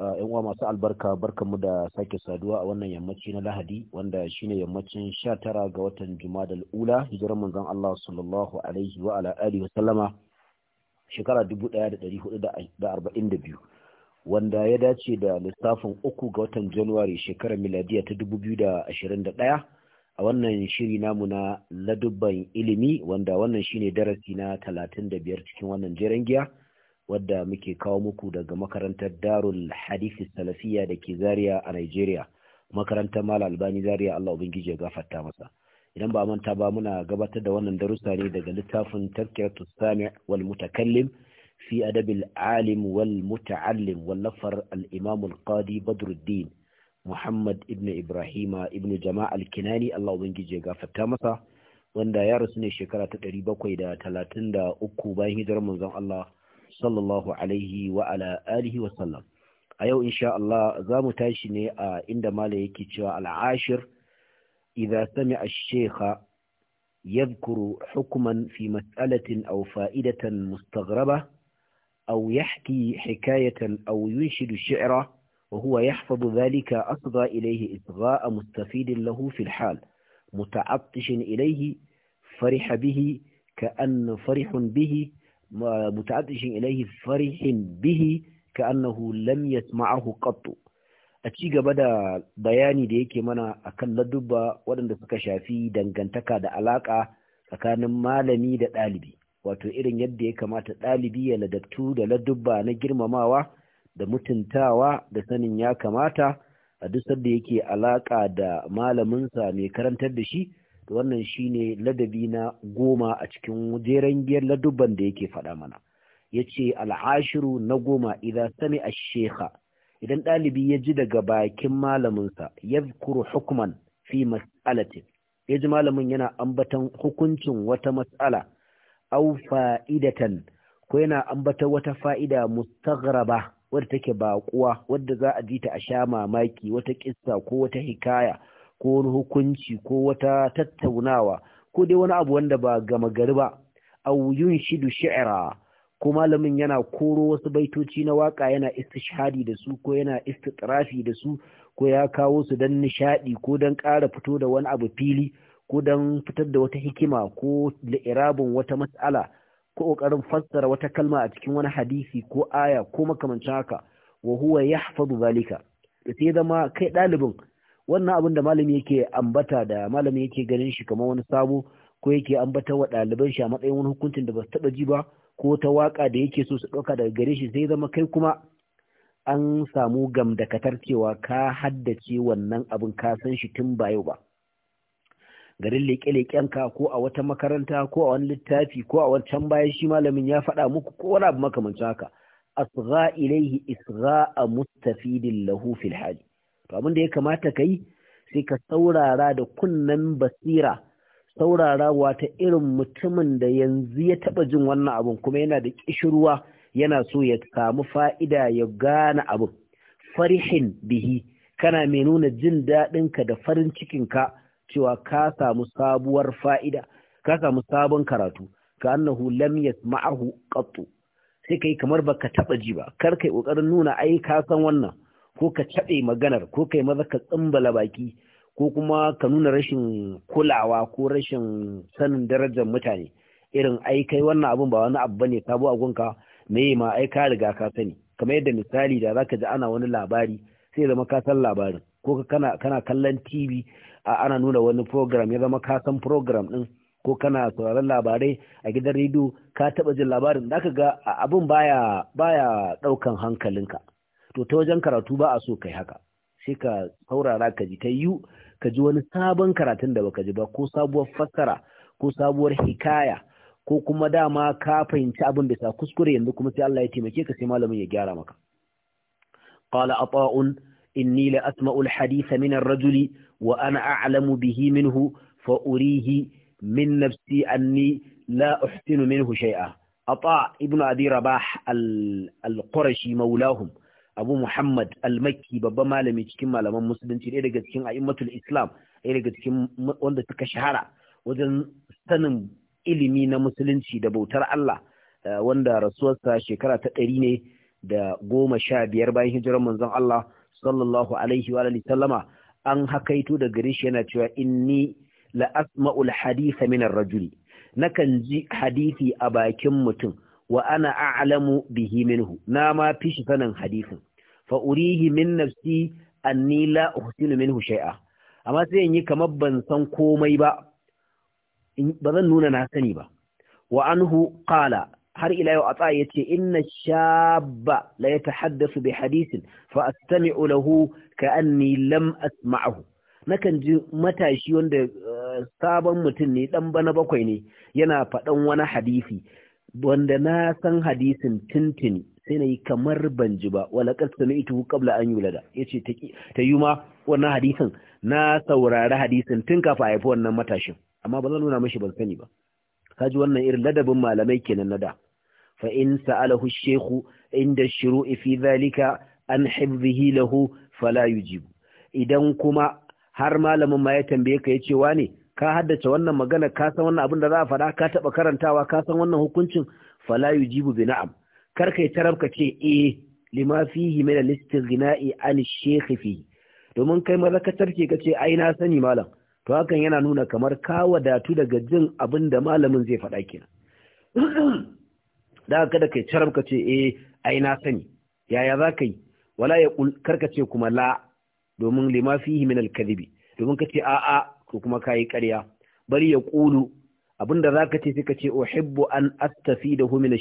Ah, yan uwa masu albarka barkanmu da sake saduwa a wannan yammaci na lahadi wanda shine yammacin 19 ga watan jumadal ula hijirar manzon Allah sallallahu alaihi wa ala alihi wa sallama shekara 1442 wanda ya dace da lissafin uku ga watan januwari shekarar miladiya ta 2021 a wannan shiri namu na ladubban ilimi wanda wannan shine darasi na 35 cikin wannan jerin giya. wadda muke kawo muku daga makarantar darul hadisi salafiya da ke zaria a nigeria makarantar mala albani zaria allah ubangiji ya gafarta masa idan ba manta ba muna gabatar da wannan darussa ne daga littafin tafkiratu sami wal mutakallim fi adabil alim wal muta'allim wallafar al-imam al-qadi badruddin muhammad ibn ibrahima ibn jama'a al-kinani allah ubangiji ya gafarta masa wanda ya rasu ne shekara ta 733 bayan hijirar manzon allah صلى الله عليه وعلى آله وسلم أيو إن شاء الله زام تاشني عند ماليك جوا العاشر إذا سمع الشيخ يذكر حكما في مسألة أو فائدة مستغربة أو يحكي حكاية أو ينشد شعرا وهو يحفظ ذلك أصغى إليه إصغاء مستفيد له في الحال متعطش إليه فرح به كأن فرح به mutaaddishin ilaihi farihin bihi annahu, lam yasma'ahu qattu a ci gaba da bayani da yake mana akan ladubba waɗanda suka shafi dangantaka da alaka tsakanin malami da ɗalibi wato irin yadda ya kamata ɗalibi ya ladabtu da ladubba na girmamawa da mutuntawa da sanin ya kamata a duk sadda yake alaka da malaminsa mai karantar da shi to wannan shine ladabi na goma a cikin jeren giyar ladubban da yake faɗa mana yace al'ashiru na goma idan sami a sheka idan ɗalibi ya ji daga bakin malaminsa ya kuru hukuman fi mas'alatin ya ji malamin yana ambatan hukuncin wata mas'ala au fa'idatan ko yana ambata wata fa'ida mustagraba wadda take baƙuwa wadda za a ji ta a sha mamaki wata ƙissa ko wata hikaya ko wani hukunci ko wata tattaunawa ko dai wani abu wanda ba gama gari ba A aw shidu sha'ira ko malamin yana koro wasu baitoci na waka yana istishhadi da su ko yana istitrafi da su ko ya kawo su don nishadi ko don ƙara fito da wani abu fili ko don fitar da wata hikima ko li'irabin wata mas'ala ko ƙoƙarin fassara wata kalma a cikin wani hadisi ko aya ko makamancin haka wa huwa yahfazu zalika sai zama kai ɗalibin wannan abin da malami yake ambata da malami yake ganin shi kamar wani sabo ko yake ambata wa ɗaliban shi a matsayin wani hukuncin da ba su taɓa ji ba ko ta waka da yake so su ɗauka daga gare shi sai zama kai kuma an samu gamdakatar cewa ka haddace wannan abin ka san shi tun ba yau ba garin leƙe-leƙenka ko a wata makaranta ko a wani littafi ko a wancan bayan shi malamin ya faɗa muku ko wani abu makamancin haka asgha ilaihi isgha mustafidin lahu fil hali to abin da ya kamata ka yi sai ka saurara da kunnen basira saurara wata irin mutumin da yanzu ya taba jin wannan abin kuma yana da kishirwa yana so ya samu fa'ida ya gane abin farihin bihi kana mai nuna jin daɗinka da farin cikinka cewa ka samu sabuwar fa'ida ka samu sabon karatu ka annahu lam ma'ahu qattu sai kai kamar baka taba ji ba kar kai ƙoƙarin nuna ai ka san wannan ko ka taɓe maganar ko kai maza ka tsimbala baki ko kuma ka nuna rashin kulawa ko rashin sanin darajar mutane irin ai kai wannan abun ba wani abu bane sabo a gunka me ma ai ka riga ka sani kamar yadda misali da zaka ji ana wani labari sai zama ka san labarin ko kana kana kallon TV ana nuna wani program ya zama ka san program din ko kana sauraron labarai a gidan rediyo ka taba jin labarin da ka ga abin baya baya daukan hankalinka to ta wajen karatu ba a so kai haka sai ka saurara ka ji tayu yiwu ka ji wani sabon karatun da baka ji ba ko sabuwar fassara ko sabuwar hikaya ko kuma dama ka fahimci abin bisa kuskure yanzu kuma sai Allah ya taimake ka sai malamin ya gyara maka qala ata'un inni la asma'u al-haditha min ar-rajuli wa ana a'lamu bihi minhu fa urihi min nafsi anni la uhsinu minhu shay'a ata ibnu abi rabah al-qurashi mawlahum abu muhammad al-makki babban malami cikin malaman musulunci ɗaya daga cikin a'immatul islam ɗaya daga cikin wanda suka shahara wajen sanin ilimi na musulunci da bautar allah eh, wanda rasuwarsa shekara ta ɗari ne da goma sha biyar bayan hijiran manzon allah sallallahu alaihi wa sallama an hakaito da gare shi yana cewa inni la asma'ul haditha min ar-rajuli nakan ji hadisi a bakin mutum wa ana a'lamu bihi minhu na ma fi shi sanin hadisin faurihi urihi min nafsi anni uhsinu minhu shay'a amma sai in yi kamar ban san komai ba ba zan nuna na sani ba wa anhu qala har ila yau atsa yace inna shabba la yatahaddathu bi hadisin, fa astami'u lahu ka anni lam asma'ahu nakan ji matashi wanda eh, sabon mutum ne dan bana bakwai ne yana faɗan wani hadisi wanda na san hadisin tintini sai na yi kamar ban ji ba wala ƙarfi na ita kabla an yulada ya ce ta yi ma wannan hadisin na saurari hadisin tun kafa a haifi wannan matashin amma ba zan nuna mashi ban sani ba ka ji wannan irin ladabin malamai kenan na da fa in sa'alahu shehu inda shiru ifi zalika an hibzihi lahu fala yujibu idan kuma har malamin ma ya tambaye ka ya ce wane ka haddace wannan magana ka san wannan abin da za a faɗa ka taɓa karantawa ka san wannan hukuncin fala yujibu bi na'am karka kai tarabka ce eh lima fihi min listin zina'i an shekhi fi domin kai mazakatar ka ka ce ai na sani malam to hakan yana nuna kamar ka wadatu daga jin abin da malamin zai faɗa kenan da kada kai tarabka ce eh ai na sani yaya za ka yi wala ya karka ce kuma la domin lima fihi min al-kadhibi domin ka ce a'a ko kuma kayi ƙarya bari ya kulu abinda za ka ce sai ka ce uhibbu an astafi da hu min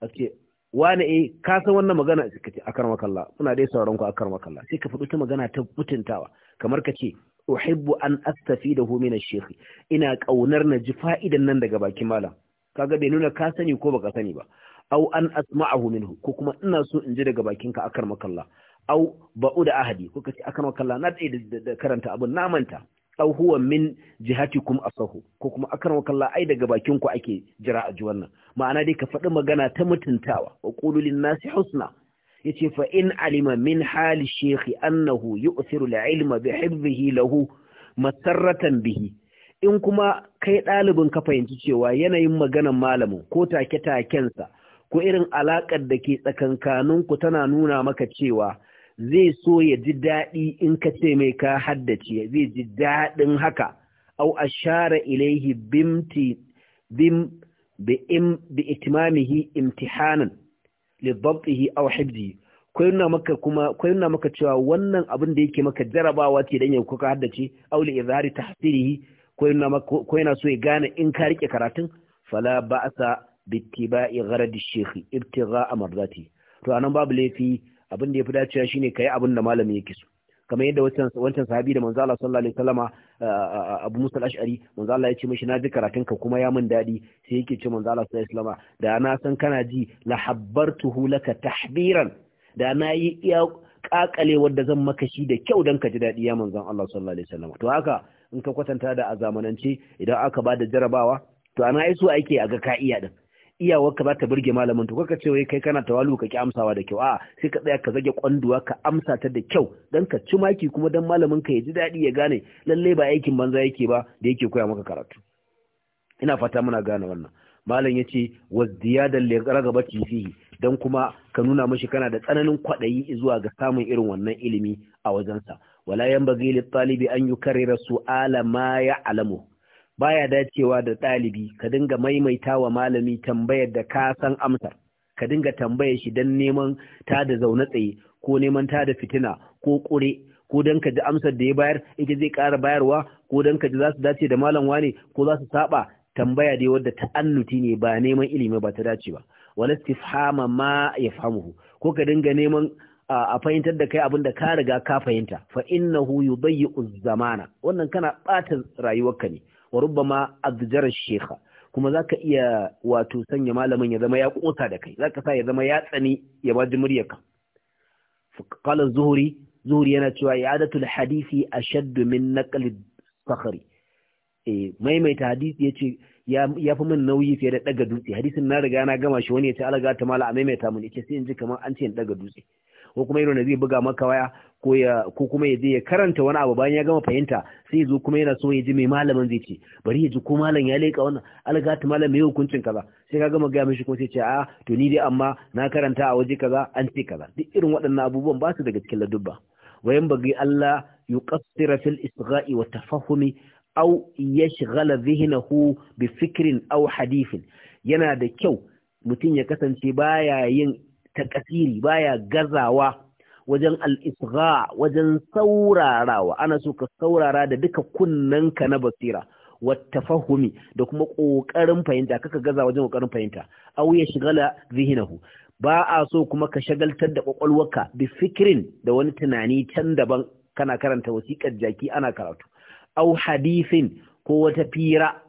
ake wane eh ka san wannan magana ka ce akar makalla Suna dai sauran ku akar makalla sai ka faɗi ta magana ta butuntawa. kamar ka ce uhibbu an astafidahu da ash-shaykh ina kaunar na ji fa'idan nan daga bakin malam kaga bai nuna ka sani ko baka sani ba Au an asma'ahu minhu ko kuma ina so in ji daga bakin ka akar makalla Au ba'u da ahadi ko ka ce akar makalla na da karanta abun na manta aw huwa min jihatikum asahu ko kuma akan kalla ai daga bakin ku ake jira a ji wannan ma'ana dai ka faɗi magana ta mutuntawa wa qulu lin nasi husna yace fa in alima min hali shekhi annahu yu'thiru al-ilma bi hibbihi lahu masarratan bihi in kuma kai ɗalibin ka fahimci cewa yanayin maganan malamin ko take-takensa ko irin alaƙar da ke ku tana nuna maka cewa zai so ya ji daɗi in ka ce mai ka haddace zai ji daɗin haka au ashara ilaihi bimti bim bi im imtihanan li dhabtihi aw hibzi koyuna maka kuma maka cewa wannan abin da yake maka jarabawa ce dan ya kuka haddace aw li izhari tahsilihi koyuna maka so ya gane in ka rike karatun fala ba'sa bittiba'i gharadi shaykh ibtigha'a mardati to anan babu laifi abin da ya fi dacewa shine kai abin da malami yake so kamar yadda wancan sahabi da manzo Allah sallallahu alaihi wasallama Abu Musa al-Ash'ari manzo Allah ya ce mishi na ji karatun ka kuma ya min daɗi sai yake ce manzo Allah sallallahu alaihi wasallama da na san kana ji la habbartuhu laka tahbiran da na yi iya kakale wanda zan maka shi da kyau dan ka ji daɗi. ya manzon Allah sallallahu alaihi wasallama to haka in ka kwatanta da a zamanance idan aka ba da jarabawa to ana yi su ake a ga ka iya din iyawarka za ta burge malamin to kaka ce wai kai kana tawalu ka ki amsawa da kyau a sai ka tsaya ka zage kwanduwa ka amsa ta da kyau dan ka ci maki kuma dan malamin ka ya ji daɗi ya gane lalle ba aikin banza yake ba da yake koya maka karatu ina fata muna gane wannan malam yace wazdiyadan li ragabati fihi dan kuma ka nuna mashi kana da tsananin kwaɗayi zuwa ga samun irin wannan ilimi a wajensa wala yan bagi ɗalibi, an yukarrira su'ala ma ya'lamu alamu baya dacewa da ɗalibi ka dinga maimaita wa malami tambayar da ka san amsar ka dinga tambayar shi don neman ta da zaune tsaye ko neman ta da fitina ko ƙure ko don ka ji amsar da ya bayar ita zai ƙara bayarwa ko don ka ji za su dace da malam wane ko za su saba tambaya dai wadda annuti ne ba neman ilimi ba ta dace ba wala istifhama ma ya yafhamuhu ko ka dinga neman a fahimtar da kai abin da ka riga ka fahimta fa innahu yudayyi'u zamana wannan kana ɓata rayuwarka ne wa rubbama adjara shekha kuma zaka iya wato sanya malamin ya zama ya kota da kai zaka sa ya zama ya tsani ya baji ka qala zuhri zuhri yana cewa i'adatul hadisi ashadd min naqli sakhri eh maimaita hadisi yace ya fi min nauyi fiye da daga dutse hadisin na riga na gama shi wani yace ce alaga ta mala a maimaita mun yace sai in ji kamar an ce in daga dutse ko kuma irin zai buga maka waya ko ya ko kuma ya je ya karanta wani abu bayan ya gama fahimta sai zo kuma yana so ya ji mai malamin zai ce bari ya ji ko malam ya leka wannan algati malam mai hukuncin kaza sai ka gama gaya mishi kuma sai ce a to ni dai amma na karanta a waje kaza an ce kaza duk irin waɗannan abubuwan ba su daga cikin ladubba wayan bagai Allah yuqassira fil isgha'i wa tafahumi aw yashghala dhihnahu bi fikrin aw hadithin yana da kyau mutum ya kasance baya yin takasiri baya gazawa wajen al wajen saurarawa ana so ka saurara da duka kunnanka na basira wattafahumi da kuma ƙoƙarin fahimta kaka gaza wajen ƙoƙarin fahimta au ya shigala zihinahu ba a so kuma ka shagaltar da kwakwalwaka bi fikirin da wani tunani can daban kana karanta wasiƙar jaki ana karatu au hadifin ko wata fira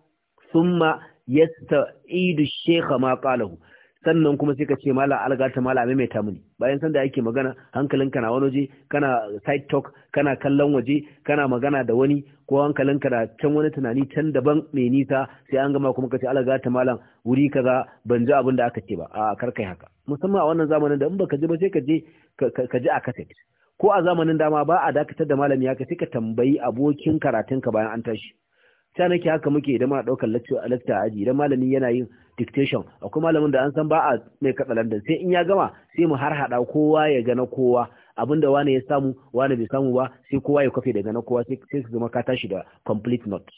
yasta idu shekha ma ƙalahu sannan kuma sai ka ce mala algata mala maimaita muni bayan sanda yake magana hankalinka na wani waje kana side talk kana kallon waje kana magana da wani ko hankalinka na can wani tunani can daban mai nisa sai an gama kuma ka ce algata malam wuri kaza ban ji abin da aka ce ba a kar kai haka musamman a wannan zamanin da in baka ji ba sai ka je ka ji a kaset ko a zamanin dama ba a dakatar da malami haka sai ka tambayi abokin karatunka bayan an tashi ta nake haka muke idan muna ɗaukar lakta a aji idan malami yana yin dictation akwai malamin da an san ba a mai katsalandan sai in ya gama sai mu har hada kowa ya gana kowa abinda wani ya samu wani bai samu ba sai kowa ya kwafe daga na kowa sai su zama ka tashi da complete note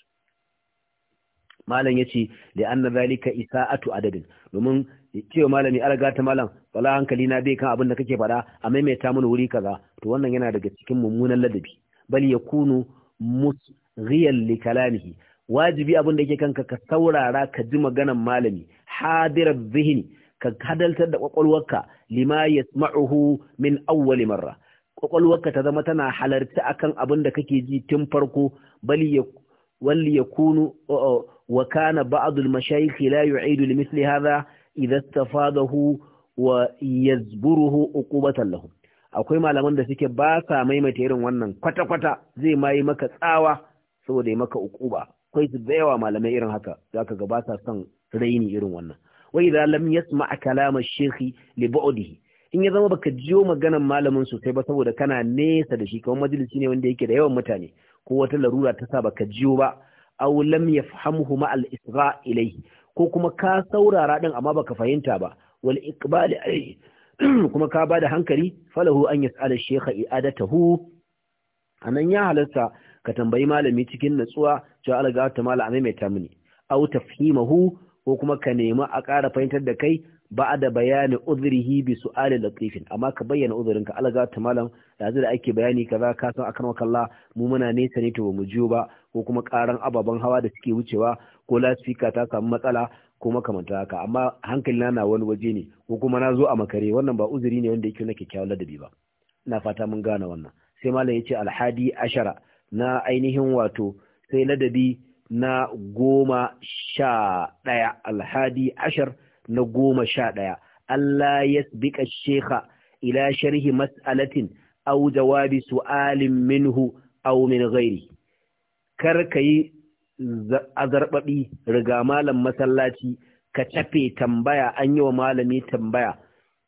malam yace li anna zalika isa'atu adadin domin cewa malami alaga ta malam wala hankali na bai kan abin da kake faɗa a maimaita mun wuri kaza to wannan yana daga cikin mummunan ladabi bal yakunu musghiyan li kalamihi wajibi abin da yake kanka ka saurara ka ji maganan malami hadirar zihini ka hadaltar da kwakwalwarka lima yasma'uhu min awwali marra kwakwalwarka ta zama tana halarta akan abin da kake ji tun farko bali ya walli yakunu wa kana ba'd al-mashayikh la yu'idu li mithli hadha idha istafadahu wa yazburuhu uqubatan lahu akwai malaman da suke ba sa maimaita irin wannan kwata-kwata zai ma maka tsawa saboda yi maka uquba akwai su da yawa malamai irin haka za ka gaba sa son raini irin wannan wai idza lam yasma kalama shehi li ba'dihi in ya zama baka jiyo maganan malamin sosai ba saboda kana nesa da shi kamar majalisi ne wanda yake da yawan mutane ko wata larura ta sa baka jiyo ba aw lam yafhamhu ma al isra ilayhi ko kuma ka saurara din amma baka fahimta ba wal iqbal alayhi kuma ka bada hankali falahu an yas'ala shaykha i'adatahu anan ya halarta ka tambayi malami cikin natsuwa cewa ga ta malami mai mai tamini au tafhimahu ko kuma ka nemi a ƙara fahimtar da kai ba da bayani uzrihi bi su'ali latifin amma ka bayyana Allah ga ta malam yanzu da ake bayani kaza ka san akan wakalla mu muna nesa ne to bamu jiyo ba ko kuma ƙaran ababen hawa da suke wucewa ko lasfika ta samu matsala ko makamanta haka amma hankali na na wani waje ne ko kuma na zo a makare wannan ba uzuri ne wanda yake na kyakkyawan ladabi ba ina fata mun gane wannan sai malam ya ce alhadi ashara na ainihin wato sai ladabi na goma sha ɗaya alhadi ashar na goma sha ɗaya Allah ya bika sheka ila sharhi mas'alatin au jawabi su'alin minhu au min ghairi kar ka yi azarbaɓi riga malam masallaci ka tafe tambaya an yi wa malami tambaya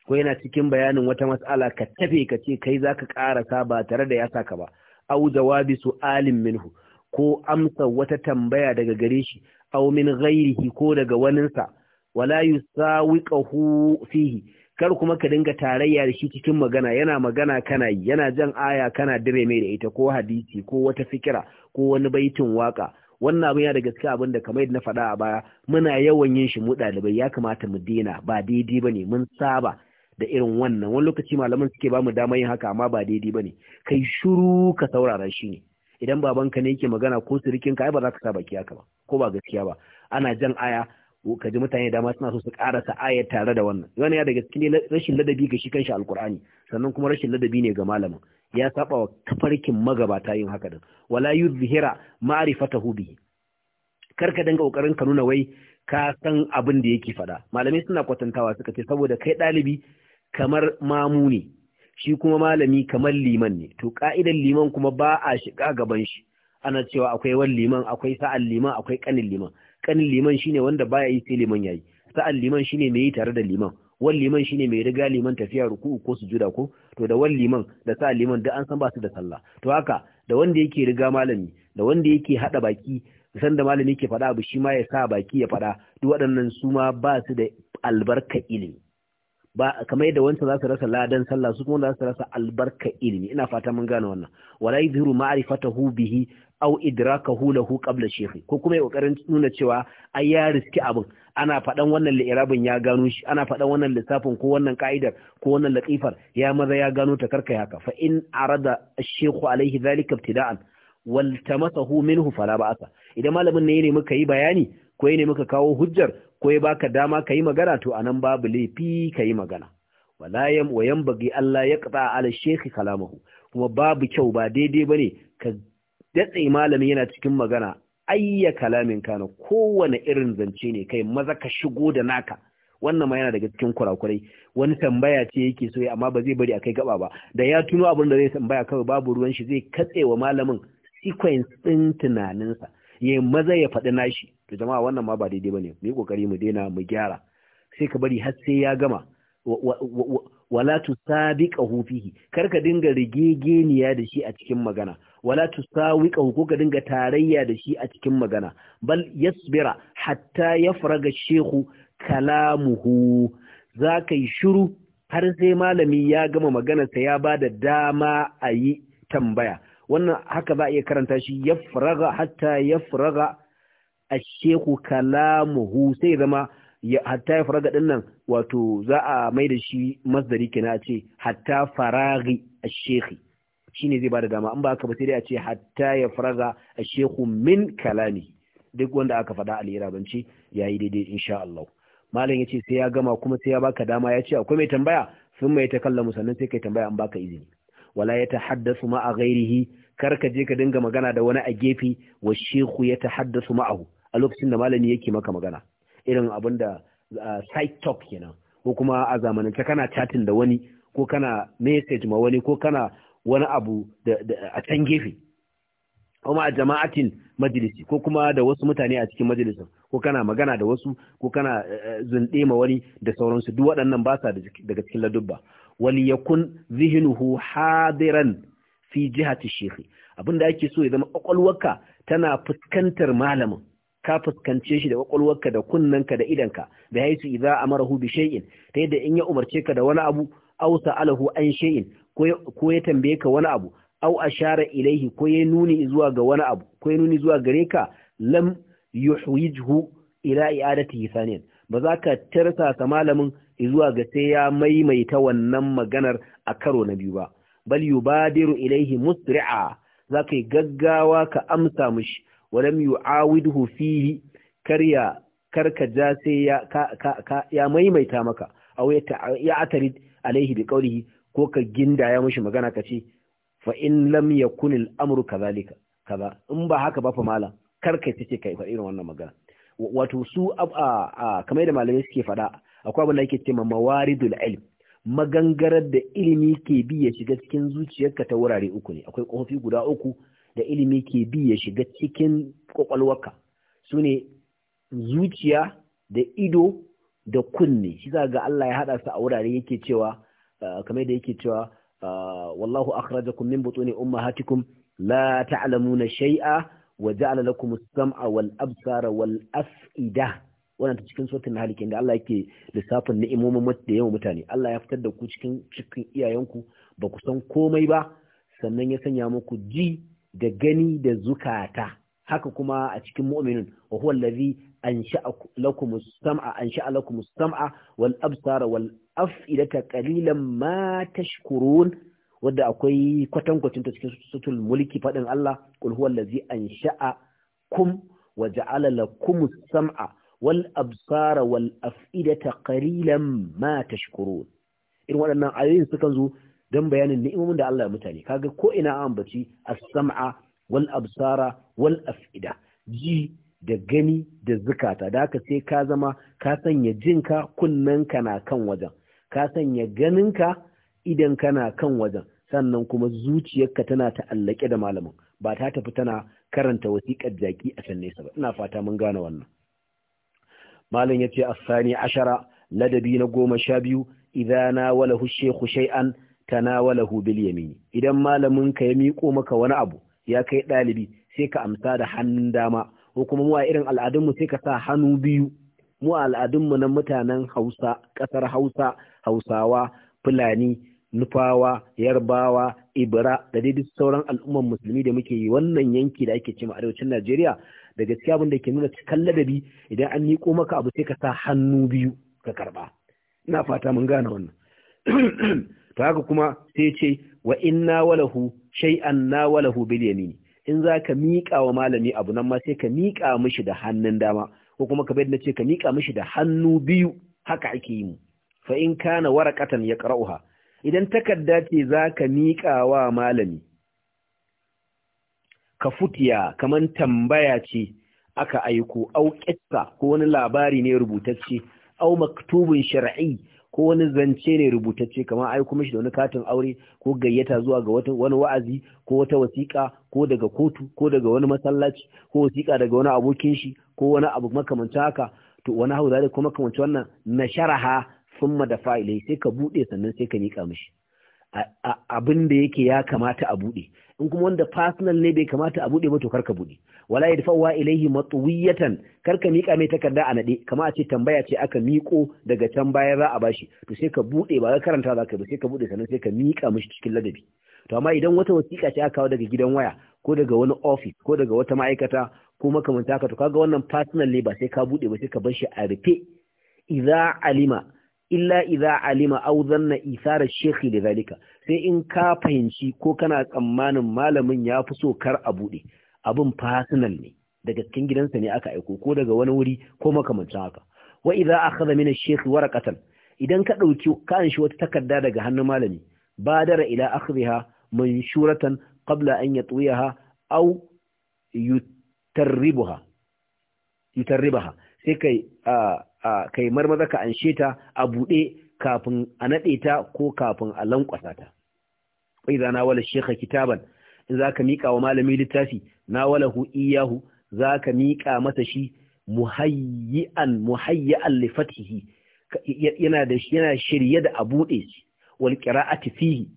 ko yana cikin bayanin wata mas'ala ka tafe ka ce kai za ka ƙarasa ba tare da ya saka ba aw jawabi su'alin minhu ko amsa wata tambaya daga gare shi aw min ghairihi ko daga waninsa wala yusawiqahu fihi kar kuma ka dinga tarayya da shi cikin magana yana magana kana yi yana jan aya kana dire mai da ita ko hadisi ko wata fikira ko wani baitin waka wannan abin ya da gaske abin da kamar na faɗa a baya muna yawan yin shi mu ɗalibai ya kamata mu daina ba daidai ba ne mun saba da irin wannan wani lokaci malaman suke bamu dama yin haka amma ba daidai ba ne. kai shuru ka saurara shi ne idan babanka ne yake magana ko sirikin ka ai ba za ka sa baki haka ba ko ba gaskiya ba ana jan aya ka ji mutane dama suna so su karasa aya tare da wannan wannan ya daga cikin rashin ladabi ga shi kanshi alkur'ani sannan kuma rashin ladabi ne ga malamin ya saba wa tafarkin magabata yin haka din wala yuzhira ma'rifatahu kar ka danga kokarin ka nuna wai ka san abin da yake faɗa malamai suna kwatantawa suka ce saboda kai ɗalibi kamar mamu ne shi kuma malami kamar liman ne to ka'idan liman kuma ba a shiga gaban shi ana cewa akwai wan liman akwai sa'an liman akwai kanin liman kanin liman shine wanda baya yi sai liman yayi sa'an liman shine mai yi tare da liman wan liman shine mai riga liman tafiya ruku'u ko sujuda ko to da wan liman da sa'an liman duk an san ba su da sallah to haka da wanda yake riga malami da wanda yake haɗa baki san da malami ke faɗa abu shi ma ya sa baki ya faɗa duk waɗannan su ma ba su da albarka ilimi ba kamar yadda wancan za su rasa ladan sallah su kuma za su rasa albarka ilimi ina fata mun gane wannan wala yuzhiru ma'rifatahu bihi aw idrakahu lahu qabla shaykhi ko kuma ya kokarin nuna cewa ai ya riski abin ana faɗan wannan li'irabin ya gano shi ana faɗan wannan lissafin ko wannan ka'idar ko wannan laqifar ya maza ya gano ta karkai haka fa in arada ash-shaykhu alayhi dhalika ibtida'an waltamasahu minhu fala ba'asa idan malamin ne ya nemi ka yi bayani ko ya nemi ka kawo hujjar ko ya baka dama ka yi magana to anan babu laifi ka yi magana wala yam wa yambagi Allah ya qata ala shekhi kalamahu kuma babu kyau ba daidai bane ka datse malami yana cikin magana ayya kalamin kana kowane irin zance ne kai maza ka shigo da naka wannan ma yana daga cikin kurakurai wani tambaya ce yake so amma ba zai bari akai gaba ba da ya tuno abin da zai tambaya kawai babu ruwan shi zai katse wa malamin sequence din tunaninsa yayin maza ya faɗi nashi to jama'a wannan ma ba daidai bane mu yi kokari mu daina mu gyara sai ka bari har sai ya gama wala sabiqahu fihi kar ka dinga rigegeniya da shi a cikin magana wala sawiqahu ko ka dinga tarayya da shi a cikin magana bal yasbira hatta yafraga shehu kalamuhu zaka yi shiru har sai malami ya gama sa ya ba da dama a yi tambaya wannan haka za a iya karanta shi yafraga hatta yafraga ashehu kalamuhu sai zama hatta ya faraga din nan wato za a mai da shi masdari kina a ce hatta faragi ashekhi shine zai bada dama in ba haka ba sai dai a ce hatta ya faraga min kalami duk wanda aka faɗa ya yayi daidai insha Allah malam ce sai ya gama kuma sai ya baka dama ya ce akwai mai tambaya sun mai ta kallon sannan sai kai tambaya an baka izini wala ya tahaddasu ma'a ghairihi kar ka je ka dinga magana da wani a gefe wa shehu ya tahaddasu ma'ahu a lokacin da malami yake maka magana irin abin da side talk kenan ko kuma a zamanance kana chatting da wani ko kana message ma wani ko kana wani abu a can gefe kuma a jama'atin majalisi ko kuma da wasu mutane a cikin majalisin ko kana magana da wasu ko kana e, e, zunɗe ma wani da sauransu duk waɗannan ba sa daga cikin ladubba wali yakun zihnuhu hadiran fi jihati Abin abinda ake so ya zama kwakwalwarka tana fuskantar malamin ka fuskance shi da kwakwalwarka da kunnanka da idanka da haisu idza amarahu bi shay'in ta yadda in ya umarce ka da wani abu aw sa'alahu an shay'in ko ya tambaye ka wani abu aw ashara ilaihi ko ya nuni zuwa ga wani abu ko ya nuni zuwa gare ka lam yuhwijhu ila i'adatihi thaniyan ba za ka tarsa malamin zuwa ga sai ya maimaita wannan maganar a karo na biyu ba bal yubadiru ilaihi musri'a za ka yi gaggawa ka amsa mishi walam yu'awidhu fihi karya karkaja ya ka, ka, ya maimaita maka aw ya atarid alaihi bi qawlihi ko ka ginda ya mishi magana kace fa in lam yakun al-amru kadhalika kaza in ba haka ba fa malam karka tace kai fa irin wannan magana wato su a kamar da malamai suke faɗa akwai abin da yake cewa mawaridul ilm magangarar da ilimi ke bi ya shiga cikin zuciyarka ta wurare uku ne akwai kofofi guda uku da ilimi ke bi ya shiga cikin kwakwalwarka su ne zuciya da ido da kunne shi za ga Allah ya haɗa su a wurare yake cewa kamar da yake cewa wallahu akhrajakum min butuni ummahatikum la ta'lamuna shay'a wa ja'ala lakum as-sam'a wal absara wal af'ida wannan ta cikin suratul nahl da Allah yake lissafin ni'imomin da yawa mutane Allah ya fitar da ku cikin cikin iyayenku ba ku san komai ba sannan ya sanya muku ji da gani da zukata haka kuma a cikin muminin, wa huwa allazi ansha'a lakum as-sam'a ansha'a lakum as-sam'a wal absara wal af'idata qalilan ma tashkurun wanda akwai kwatankwacin ta cikin sutul mulki fadin Allah qul huwa allazi ansha'a kum wa ja'ala lakum sama wal absara wal af'idata qalilan ma tashkurun irin waɗannan ayoyin sukan zo don bayanin ni'imomin da Allah ya mutane kaga ko ina ambaci, baci as-sam'a wal absara wal af'ida ji da gani da zukata da haka sai ka zama ka sanya jinka kunnanka na kan wajen ka sanya ganinka idan kana kan wajen sannan kuma zuciyarka tana ta'allake da malamin ba ta tafi tana karanta wasiƙar jaki a can nesa ba ina fata mun gane wannan malam yace as-sani ashara ladabi na goma sha biyu idza nawalahu shaykhu shay'an tanawalahu bil yamin idan malamin ka ya miko maka wani abu ya kai dalibi sai ka amsa da hannun dama ko kuma mu a irin al'adunmu sai ka sa hannu biyu mu a al'adunmu na mutanen Hausa kasar Hausa Hausawa Fulani Nufawa Yarbawa Ibra da dai duk sauran al'ummar musulmi da muke yi wannan yanki da ake cewa arewacin Najeriya da gaskiya abin da ke nuna cikan ladabi idan an miko maka abu sai ka sa hannu biyu ka karba Na fata mun gane wannan to haka kuma sai ce wa inna walahu shay'an na walahu bil yamini in zaka miƙa wa malami abu nan ma sai ka miƙa mishi da hannun dama ko kuma ka bayyana ce ka miƙa mishi da hannu biyu haka ake yi mu fa in kana waraqatan yaqra'uha idan takarda ce zaka miƙa wa malami ka futiya kaman tambaya ce aka aiko au ko wani labari ne rubutacce au maktubun shar'i ko wani zance ne rubutacce kamar ai kuma shi da wani katin aure ko gayyata zuwa ga wani wa'azi ko wata wasiƙa ko daga kotu ko daga wani masallaci ko wasiƙa daga wani abokin shi ko wani abu makamancin haka to wani hauza da kuma makamancin wannan na sharaha summa da fa'ilai sai ka buɗe sannan sai ka mika mishi abin da yake ya kamata a buɗe in kuma wanda personal ne bai kamata a buɗe ba to kar ka buɗe wala yadfa'uha ilayhi matwiyatan karka mika mai takarda a nade kama a ce tambaya ce aka miko daga can bayan za a bashi to sai ka bude ba ka karanta za ka ba sai ka bude sannan sai ka mika mishi cikin ladabi to amma idan wata wasiƙa ce aka kawo daga gidan waya ko daga wani office ko daga wata ma'aikata ko makamanta ka to kaga wannan personal ne ba sai ka bude ba sai ka bar shi a rufe idza alima illa idza alima aw dhanna isara shekhi da zalika sai in ka fahimci ko kana tsammanin malamin ya fi so kar a bude abin fasinal ne daga cikin gidansa ne aka aiko ko daga wani wuri ko makamancin haka wa idza akhadha min ash-shaykh waraqatan idan ka dauki ka anshi wata takarda daga hannun malami badara ila akhdhiha manshuratan qabla an yatwiha aw yutarribuha yutarribaha sai kai kai marmaza ka anshe ta a bude kafin a nade ta ko kafin a lankwasa ta wa idza nawala ash-shaykh kitaban in ka miƙa wa malami littafi na walahu iyahu za ka miƙa masa shi muhayyi'an muhayyi'an li fatihi yana da yana shirye da abude shi wal qira'ati fihi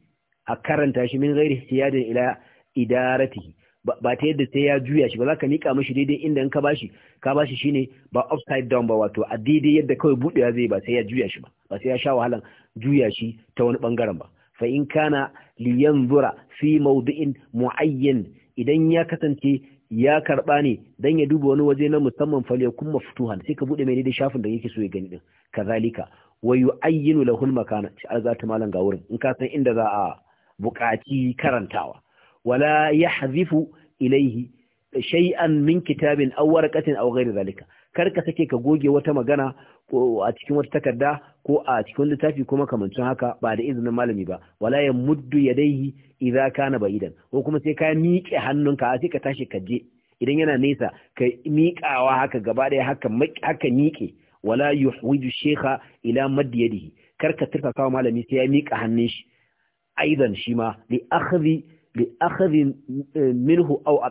a karanta shi min ghairi siyadin ila idaratihi ba ta yadda sai ya juya shi ba za ka mika mashi daidai inda in ka bashi ka bashi shine ba upside down ba wato a daidai yadda kawai buɗewa zai ba sai ya juya shi ba ba sai ya sha wahalan juya shi ta wani bangaren ba fain in kana liyanzura fi mawdu'in muayyan idan ya kasance ya karba ne dan ya duba wani waje na musamman ya yakun maftuhan sai ka bude mai da shafin da yake so ya gani din kazalika wa yu'ayyinu lahu al-makana shi azata malan ga wurin in ka san inda za a buƙaci karantawa wala yahzifu ilayhi shay'an min kitabin aw warqatin aw ghayri zalika kar ka sake ka goge wata magana ko a cikin wata takarda ko a cikin littafi kuma makamancin haka ba da izinin malami ba wala ya muddu yadaihi idza kana ba'idan ko kuma sai ka miƙe hannunka sai ka tashi ka je idan yana nesa ka miƙawa haka gaba ɗaya haka haka miƙe wala yuhwiju shekha ila maddi yadihi kar ka turka kawo malami sai ya miƙa hannun shi aidan shi ma li akhdhi li akhdhi minhu aw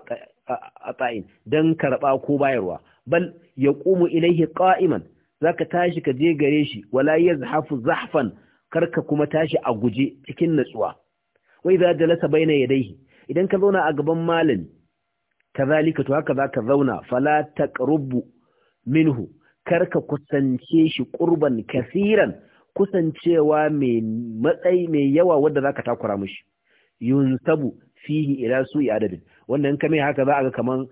ata'in dan karba ko bayarwa bal ya ilaihi ƙa'iman, za zaka tashi ka je gare shi wala yazhafu kar karka kuma tashi a guje cikin natsuwa za idza jalasa baina ya daihi idan ka zauna a gaban malami kazalika to haka ka zauna fala taqrubu minhu karka kusance shi ƙurban kasiran kusancewa mai matsayi mai yawa wanda zaka takura mishi yunsabu fihi ila su'i adadin wannan in haka za a ga kaman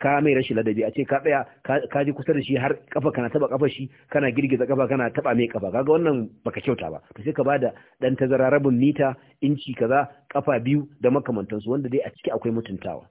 ka mai rashin ladabi a ce ka tsaya ka ji kusa da shi har kafa kana taba kafa shi kana girgiza kafa kana taba mai kafa kaga wannan baka kyauta ba to sai ka bada dan tazara rabin mita inci kaza kafa biyu da makamantansu wanda dai a ciki akwai mutuntawa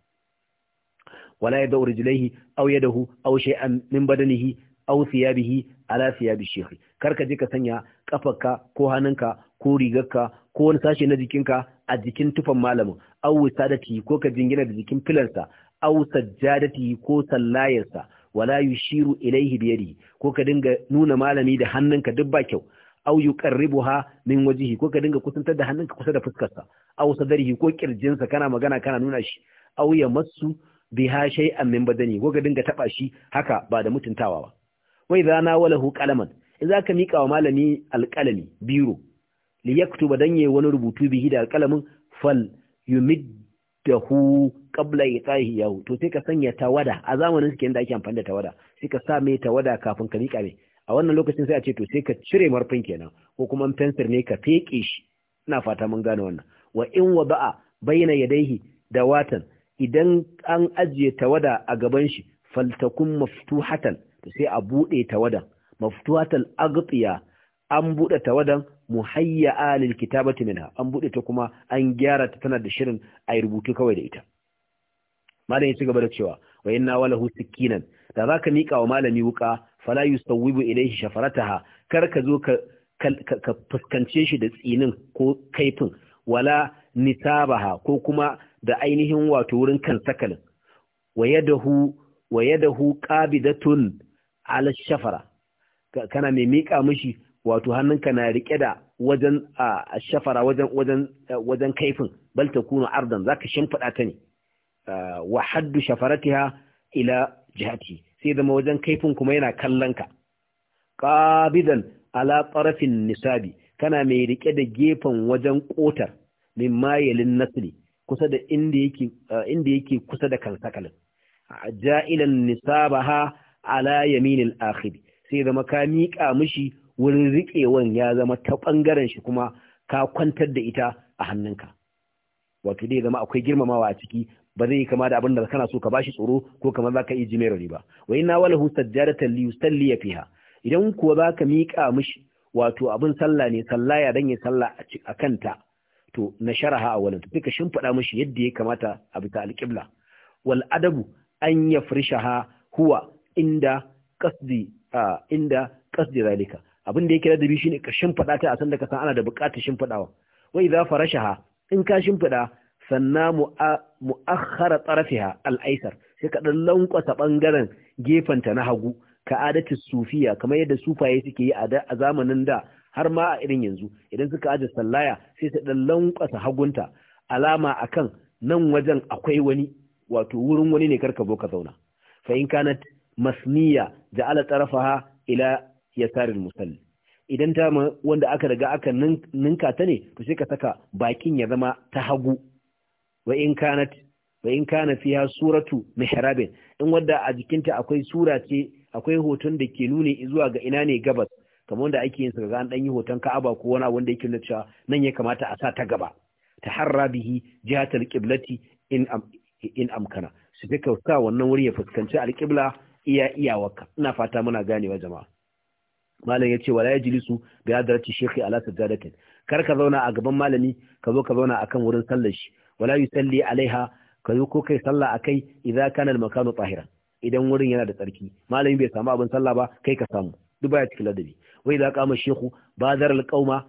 wala ya dauri aw yadahu aw shay'an min badanihi aw thiyabihi ala thiyabi shaykh ka je ka sanya kafarka ko hannunka ko rigarka ko wani sashe na jikinka a jikin tufan malamin aw wisadati ko ka jingina da jikin filarsa. aw sajjadatihi ko sallayarsa wala yushiru ilaihi biyadi ko ka dinga nuna malami da hannunka duk ba kyau aw yuqarribuha min wajhihi ko ka dinga kusantar da hannunka kusa da fuskarsa aw sadarihi ko kirjinsa kana magana kana nuna shi aw yamassu biha shay'an min badani ko ka dinga taba shi haka ba da mutuntawa ba wai idza nawalahu qalaman in zaka mika wa malami alqalami biro li yaktuba dan yayi wani rubutu bihi da alqalamin fal yumiddahu Kabla ya yatahiyahu to sai ka sanya tawada a zamanin su kenan da ake amfani da tawada sai ka sa mai tawada kafin ka miƙa mai a wannan lokacin sai a ce to sai ka cire marfin kenan ko kuma fensir ne ka feƙe shi ina fata mun gane wannan wa in wa bayyana baina da watan. idan an ajiye tawada a gaban shi faltakun maftuhatan to sai a buɗe tawadan maftuhatan aghtiya an buɗe tawadan muhayya'a alil kitabati minha an buɗe ta kuma an gyara ta tana da shirin a rubutu kawai da ita malami ya ci gaba da cewa wa inna walahu sikinan da zaka mika wa malami wuka fala yustawibu ilayhi shafarataha kar ka zo ka ka fuskance shi da tsinin ko kaifin wala nisabaha ko kuma da ainihin wato wurin kan sakalin wa yadahu wa yadahu qabidatun ala shafara kana mai mika mishi wato hannunka na rike da wajen a shafara wajen wajen wajen kaifin bal takunu ardan zaka shimfida ta ne wa haddu shafaratiha ila jihati sai zama wajen kaifin kuma yana kallon ka qabidan ala tarafin nisabi kana mai rike da gefen wajen kotar min mayalin nasli kusa da inda yake inda yake kusa da kansakalin ja'ilan nisabaha ala yaminil akhir sai zama ka miƙa mishi wurin riƙewan ya zama ta ɓangaren shi kuma ka kwantar da ita a hannunka wato dai zama akwai girmamawa a ciki ba zai yi kama da abin da kana so ka bashi tsoro ko kamar zaka yi ji mai rauni ba wa inna walahu sajjaratan li yusalli fiha idan kuwa zaka miƙa mishi wato abin sallah ne sallah ya dan sallah a kanta to na sharaha awalan to ka faɗa mishi yadda ya kamata a bisa alƙibla wal adabu an yafrishaha huwa inda qasdi inda qasdi zalika abin da yake ladabi shine ka shimfiɗa ta a san da ka san ana da buƙatar shimfiɗawa wai idza farashaha in ka shimfiɗa sanna mu'akhkhara tsarafiha al'aisar sai ka ɗan lankwasa ɓangaren gefanta na hagu ka adatis sufiya kamar yadda sufaye suke yi a zamanin da har ma a irin yanzu idan suka aje sallaya sai ta ɗan lankwasa hagunta alama akan nan wajen akwai wani wato wurin wani ne karka zo ka zauna fa in kanat masniya ja'ala tarafaha ila yasarin musalli idan ta wanda aka riga aka ninka ta ne to sai ka saka bakin ya zama ta hagu wa in kanat wa in kana fiha suratu mihrabin in wadda a jikinta akwai sura ce akwai hoton da ke nuni zuwa ga ina ne gabas kamar wanda ake yin sa ga an dan yi hoton Ka'aba ko wani wanda yake nuna cewa nan ya kamata a sa ta gaba taharra bihi jihatul qiblati in am in amkana su fi kauta wannan wuri ya fuskanci alqibla iya iyawaka ina fata muna ganewa jama'a malam ce, wala yajlisu bi hadrati shaykhi ala sajadatin kar ka zauna a gaban malami ka zo ka zauna akan wurin sallar shi wala yusalli alaiha ka zo ko kai sallah akai idza kana al-makanu tahiran idan wurin yana da tsarki malami bai samu abin sallah ba kai ka samu duk baya cikin ladabi wa idza qama shaykhu badar al-qauma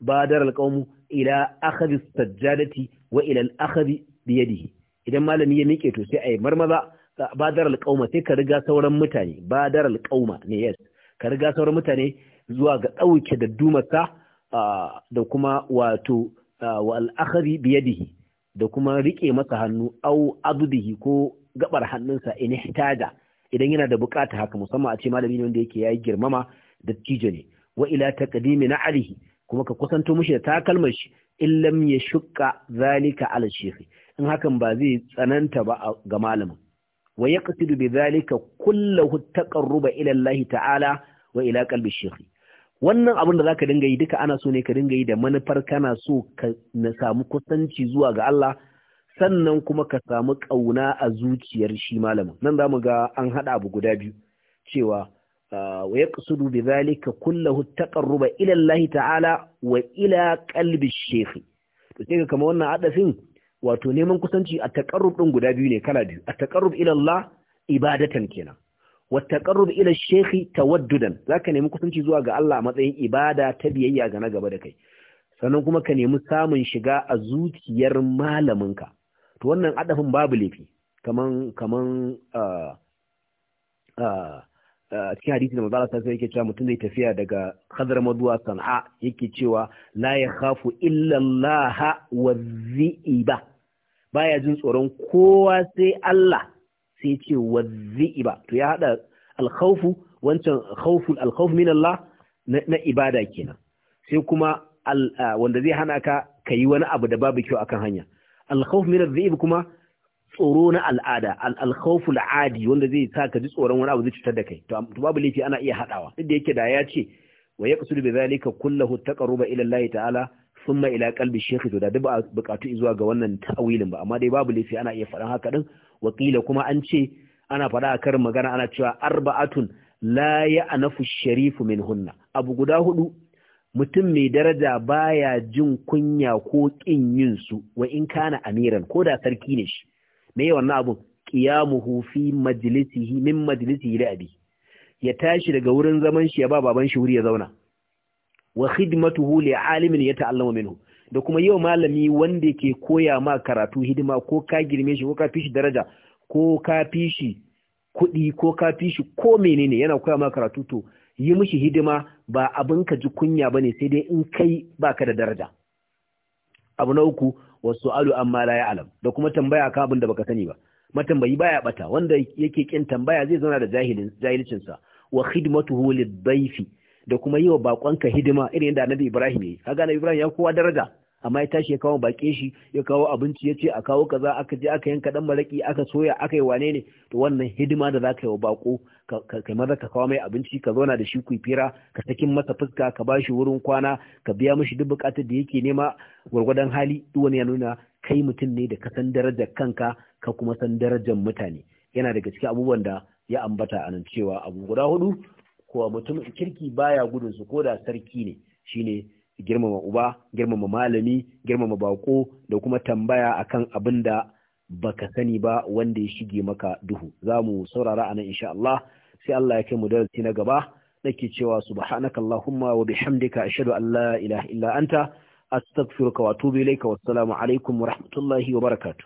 badar al-qaumu ila akhadhi as-sajjadati wa ila al-akhadhi bi yadihi idan malami ya miƙe to sai ayi marmaza badar al-qauma sai ka riga sauran mutane badar al-qauma ne yes ka riga sauran mutane zuwa ga dauke da dumarsa da kuma wato wa al'akari biyadihi da kuma rike masa hannu au abdihi ko gabar hannunsa in ihtaja idan yana da bukata haka musamman a ce malami wanda yake yayi girmama da tijo ne wa ila taqdimi na alihi kuma ka kusanto mashi da takalmar shi in lam yashqa zalika ala shaykh in hakan ba zai tsananta ba ga malamin wa yaqsidu bi zalika kullahu taqarruba ila Allah ta'ala wa ila qalbi shaykh wannan abin da za ka dinga yi duka ana so ne ka dinga yi da manufar kana so ka na samu kusanci zuwa ga Allah sannan kuma ka samu ƙauna a zuciyar shi malamin nan za mu ga an haɗa abu guda biyu cewa ah, wa ya kusudu bi zalika kullahu taqarruba ila Allah ta'ala wa ila qalbi shaykh to sai ka wannan hadafin wato neman kusanci a taqarrub din guda biyu ne kala biyu a taqarrub ila Allah ibadatan kenan والتقرب ta الشيخ توددا ذاك nemi kusanci zuwa ga Allah a matsayin ibada ta biyayya ga na gaba da kai sannan kuma ka nemi samun shiga a zuciyar malaminka to wannan adafin babu laifi kaman kaman a cikin hadisi da mazala ta yake cewa mutum zai tafiya daga khadar maduwa sana'a yake cewa la ya khafu illa Allah wa baya jin tsoron kowa sai Allah sai ce ba. to ya haɗa alkhawfu wancan khawful alkhawf na ibada kenan sai kuma wanda zai hana ka yi wani abu da babu kyau akan hanya alkhawf min kuma tsoro na al'ada alkhawf al'adi wanda zai sa ka ji tsoron wani abu zai cutar da kai to babu laifi ana iya haɗawa. duk da yake da ya ce wa yaqsudu bi ka kullahu taqarruba ila Allah ta'ala thumma ila qalbi shaykh to da duk bukatu zuwa ga wannan ta'awilin ba amma dai babu laifi ana iya faɗan haka din wakila kuma an ce ana faɗa a karin magana ana cewa arba'atun la anafu sharifu min hunna. abu guda hudu mutum mai daraja baya jin kunya ko kin yin su wa in kana amiran ko da sarki ne shi me yawan abun qiyamuhu fi majlisihi min majlisihi li abi ya tashi daga wurin zaman shi ya ba baban shi wuri ya zauna wa khidmatuhu li alimin yata'allamu minhu da kuma yau malami wanda ke koya ma karatu hidima ko ka girme shi ko ka fi shi daraja ko ka fi shi kuɗi ko ka fi shi ko menene yana koya ma karatu to yi mishi hidima ba abin ka ji kunya ne sai dai in kai baka da daraja abu na uku wasu alu amma la alam. da kuma tambaya ka abin da baka sani ba matambayi baya bata wanda yake kin tambaya zai zauna da jahilin jahilcin sa wa khidmatuhu lidhayfi da kuma yi wa bakonka hidima irin yadda annabi Ibrahim yi kaga annabi Ibrahim ya kowa daraja amma ya tashi ya kawo bakin shi ya kawo abinci ya ce a kawo kaza aka je aka yanka dan maraki aka soya aka yi wane ne to wannan hidima da zaka yi wa bako ka maza ka kawo mai abinci ka zauna da shi ku fira ka sakin masa fuska ka bashi wurin kwana ka biya mishi duk bukatar da yake nema gwargwadon hali duk wani ya nuna kai mutum ne da ka san darajar kanka ka kuma san darajar mutane yana daga cikin abubuwan da ya ambata anan cewa abu guda hudu kowa mutumin kirki baya gudun su ko da sarki ne shine girmama uba girmama malami girmama bako da kuma tambaya akan abin da baka sani ba wanda ya shige maka duhu za mu saurara anan insha Allah sai Allah ya kai mu darasi na gaba nake cewa subhanaka allahumma wa bihamdika ashhadu an la ilaha illa anta astaghfiruka wa atubu ilayka wassalamu alaikum wa rahmatullahi wa barakatuh